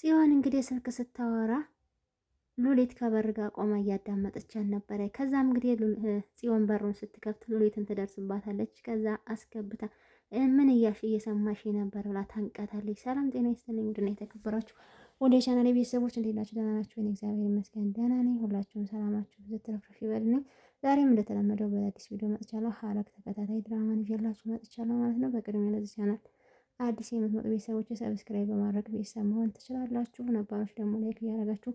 ጽዮን እንግዲህ ስልክ ስታወራ ሉሊት ከበር ጋር ቆማ እያዳመጠቻት ነበረ። ከዛም እንግዲህ ጽዮን በሩን ስትከፍት ሉሊትን ትደርስባታለች። ከዛ አስገብታ ምን እያልሽ እየሰማሽ ነበር ብላ ታንቀታለች። ሰላም ጤና ይስጥልኝ ውድና የተከበራችሁ ወደ ቻናሌ ቤተሰቦች እንዴት ናችሁ? ደህና ናችሁ? እግዚአብሔር ይመስገን ደህና ነኝ። ሁላችሁም ሰላማችሁ ብትረፍረፍ ይበልኝ። ዛሬም እንደተለመደው በአዲስ ቪዲዮ መጥቻለሁ። ሐረግ ተከታታይ ድራማን ይዤላችሁ መጥቻለሁ ማለት ነው። በቅድሚያ ለዚህ ቻናል አዲስ የምትመጡ ቤተሰቦች ሰብስክራይብ በማድረግ ቤተሰብ መሆን ትችላላችሁ። ነባሮች ደግሞ ላይክ እያደረጋችሁ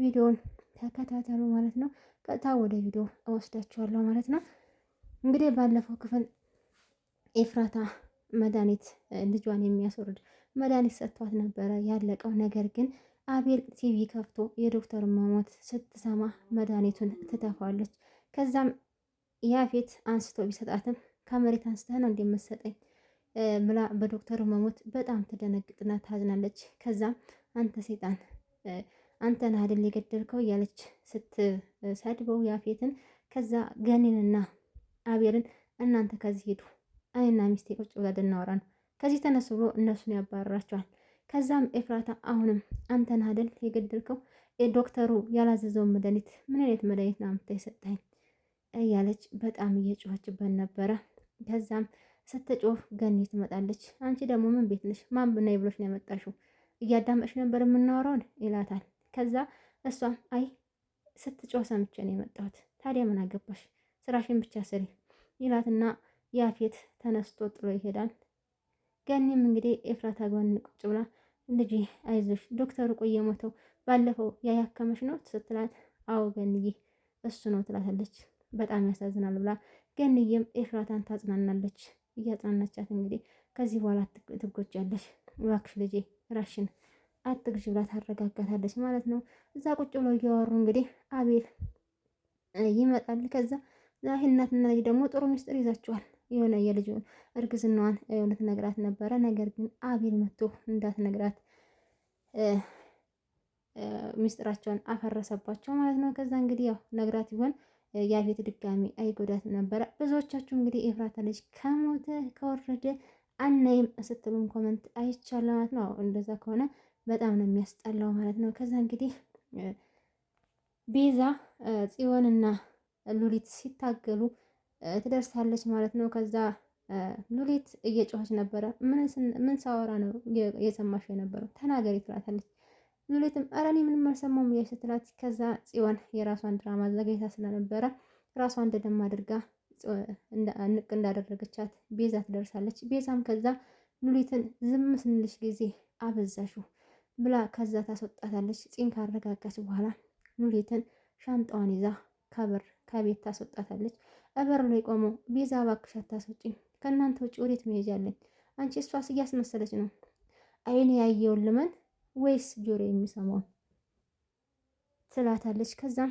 ቪዲዮን ተከታተሉ ማለት ነው። ቀጥታ ወደ ቪዲዮ እወስዳችኋለሁ ማለት ነው። እንግዲህ ባለፈው ክፍል ኤፍራታ መድኃኒት ልጇን የሚያስወርድ መድኃኒት ሰጥቷት ነበረ ያለቀው። ነገር ግን አቤል ቲቪ ከፍቶ የዶክተር መሞት ስትሰማ መድኃኒቱን ትተፋለች። ከዛም ያፌት አንስቶ ቢሰጣትም ከመሬት አንስተህ ነው እንደምትሰጠኝ ብላ በዶክተሩ መሞት በጣም ትደነግጥና ታዝናለች። ከዛም አንተ ሴጣን አንተን አይደል የገደልከው እያለች ስትሰድበው ያፌትን፣ ከዛ ገኒንና አቤልን እናንተ ከዚህ ሄዱ፣ እኔና ሚስቴ ቁጭ ብለን እናወራ ነው፣ ከዚህ ተነሱ ብሎ እነሱን ያባረራቸዋል። ከዛም ኤፍራታ አሁንም አንተን አይደል የገደልከው ዶክተሩ ያላዘዘውን መድኃኒት ምን አይነት መድኃኒት ነው አምጥተህ የሰጠኝ እያለች በጣም እየጮኸችበት ነበረ። ከዛም ስትጮህ ገኒ ትመጣለች። አንቺ ደግሞ ምን ቤት ነሽ? ማን ብናይ ብሎሽ ነው የመጣሽው? እያዳመጥሽ ነበር የምናወራውን ይላታል። ከዛ እሷም አይ ስትጮህ ሰምቼ ነው የመጣሁት። ታዲያ ምን አገባሽ? ስራሽን ብቻ ስሪ ይላትና ያፌት ተነስቶ ጥሎ ይሄዳል። ገኒም እንግዲህ ኤፍራታ ጎን ቁጭ ብላ ልጅ አይዞሽ ዶክተሩ ቆየ ሞተው ባለፈው ያያከመሽ ነው ስትላት፣ አዎ ገንዬ እሱ ነው ትላታለች። በጣም ያሳዝናል ብላ ገንዬም ኤፍራታን ታጽናናለች። እያጽናናቻት እንግዲህ ከዚህ በኋላ ትጎጃለሽ፣ እባክሽ ልጄ ራሽን አትግዢ ብላ ታረጋጋታለች ማለት ነው። እዛ ቁጭ ብለው እያወሩ እንግዲህ አቤል ይመጣል። ከዛ ዛሬ እናትና ልጅ ደግሞ ጥሩ ምስጥር ይዛችኋል። የሆነ የልጁ እርግዝናዋን የእውነት ነግራት ነበረ። ነገር ግን አቤል መጥቶ እንዳትነግራት ሚስጥራቸውን አፈረሰባቸው ማለት ነው። ከዛ እንግዲህ ያው ነግራት ይሆን ያፌት ድጋሚ አይጎዳት ነበረ። ብዙዎቻችሁ እንግዲህ ኤፍራታ ልጅ ከሞተ ከወረደ አናይም ስትሉን ኮመንት አይቻል ማለት ነው። እንደዛ ከሆነ በጣም ነው የሚያስጠላው ማለት ነው። ከዛ እንግዲህ ቤዛ ጽዮንና ሉሊት ሲታገሉ ትደርሳለች ማለት ነው። ከዛ ሉሊት እየጮኸች ነበረ። ምን ሳወራ ነው የሰማሽ የነበረው? ተናገሪ ትላታለች። ሉሊትም ኧረ እኔ ምንም አልሰማሁም እያለች ስትላት ከዛ ጽዮን የራሷን ድራማ አዘጋጅታ ስለነበረ ራሷን እንደደም አድርጋ ንቅ እንዳደረገቻት ቤዛ ትደርሳለች። ቤዛም ከዛ ሉሊትን ዝም ስንልሽ ጊዜ አበዛሹ ብላ ከዛ ታስወጣታለች። ፂን ካረጋጋች በኋላ ሉሊትን ሻንጣዋን ይዛ ከበር ከቤት ታስወጣታለች። እበር ላይ ቆመው ቤዛ እባክሽ አታስወጪኝ፣ ከእናንተ ውጭ ወዴት መሄጃለኝ? አንቺ እሷስ እያስመሰለች ነው አይኔ ያየውን ልመን ወይስ ጆሮ የሚሰማው ትላታለች። ከዛም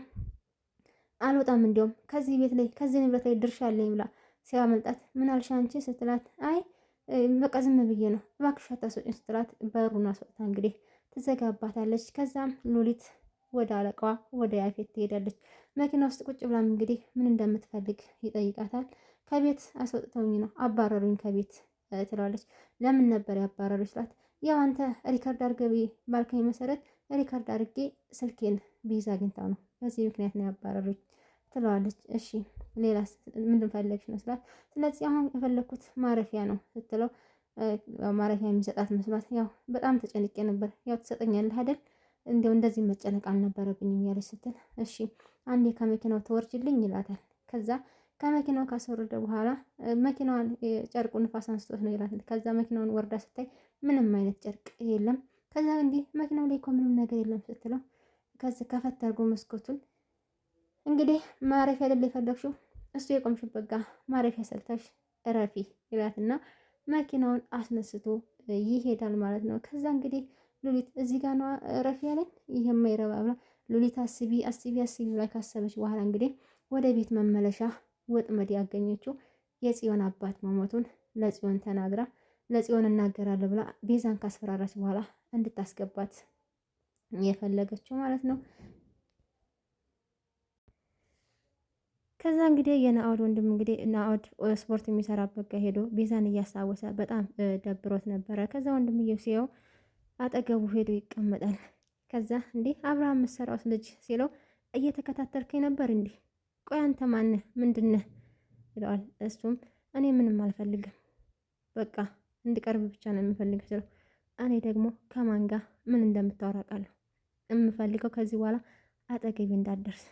አልወጣም እንዲያውም ከዚህ ቤት ላይ ከዚህ ንብረት ላይ ድርሻ አለኝ ብላ ሲያመልጣት ምን አልሽ አንቺ ስትላት አይ በቃ ዝም ብዬ ነው እባክሽ አታስወጪኝ ስትላት በሩን አስወጥታ እንግዲህ ትዘጋባታለች። ከዛም ሉሊት ወደ አለቃዋ ወደ ያፌት ትሄዳለች። መኪና ውስጥ ቁጭ ብላም እንግዲህ ምን እንደምትፈልግ ይጠይቃታል። ከቤት አስወጥተውኝ ነው አባረሩኝ ከቤት ትለዋለች። ለምን ነበር ያባረሩ ስላት ያው አንተ ሪከርድ አርገቢ ባልከኝ መሰረት ሪከርድ አርጌ ስልኬን ቢይዝ አግኝታው ነው። በዚህ ምክንያት ነው ያባረሩኝ ትለዋለች። እሺ ሌላ ምንድን ፈለግሽ ነው ስላት፣ ስለዚህ አሁን የፈለግኩት ማረፊያ ነው ስትለው ማረፊያ የሚሰጣት መስሏት፣ ያው በጣም ተጨንቄ ነበር። ያው ትሰጠኛለህ አይደል? እንዲያው እንደዚህ መጨነቅ አልነበረብኝም ያለ ስትል፣ እሺ አንዴ ከመኪናው ተወርጅልኝ ይላታል። ከዛ ከመኪናው ካስወረደ በኋላ መኪናዋን ጨርቁ ንፋስ አንስቶት ነው ይላል። ከዛ መኪናውን ወርዳ ስታይ ምንም አይነት ጨርቅ የለም። ከዛ እንዲህ መኪናው ላይ እኮ ምንም ነገር የለም ስትለው ከዚ ከፈት አድርጎ መስኮቱን እንግዲህ ማረፊያ ልል የፈለግሽው እሱ የቆምሽበት ጋ ማረፊያ ሰልተሽ እረፊ ይላትና መኪናውን አስነስቶ ይሄዳል ማለት ነው። ከዛ እንግዲህ ሉሊት እዚህ ጋ ነው እረፊ ያለኝ ይህ የማይረባ ብላ ሉሊት አስቢ አስቢ አስቢ ላይ ካሰበች በኋላ እንግዲህ ወደ ቤት መመለሻ ወጥመድ ያገኘችው የጽዮን አባት መሞቱን ለጽዮን ተናግራ ለጽዮን እናገራለሁ ብላ ቤዛን ካስፈራራች በኋላ እንድታስገባት የፈለገችው ማለት ነው። ከዛ እንግዲህ የናኦድ ወንድም እንግዲህ ናኦድ ስፖርት የሚሰራበት ሄዶ ቤዛን እያስታወሰ በጣም ደብሮት ነበረ። ከዛ ወንድም ሲየው አጠገቡ ሄዶ ይቀመጣል። ከዛ እንዲህ አብርሃም ምሰራውስ ልጅ ሲለው እየተከታተልከኝ ነበር እንዲህ ቆይ አንተ ማንህ ምንድነህ? ይለዋል። እሱም እኔ ምንም አልፈልግም በቃ እንድቀርብ ብቻ ነው የምፈልግ ስለው እኔ ደግሞ ከማን ጋር ምን እንደምታወራቃለሁ የምፈልገው ከዚህ በኋላ አጠገቤ እንዳደርስ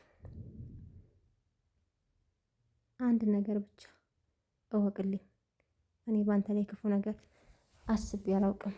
አንድ ነገር ብቻ እወቅልኝ፣ እኔ በአንተ ላይ ክፉ ነገር አስቤ አላውቅም።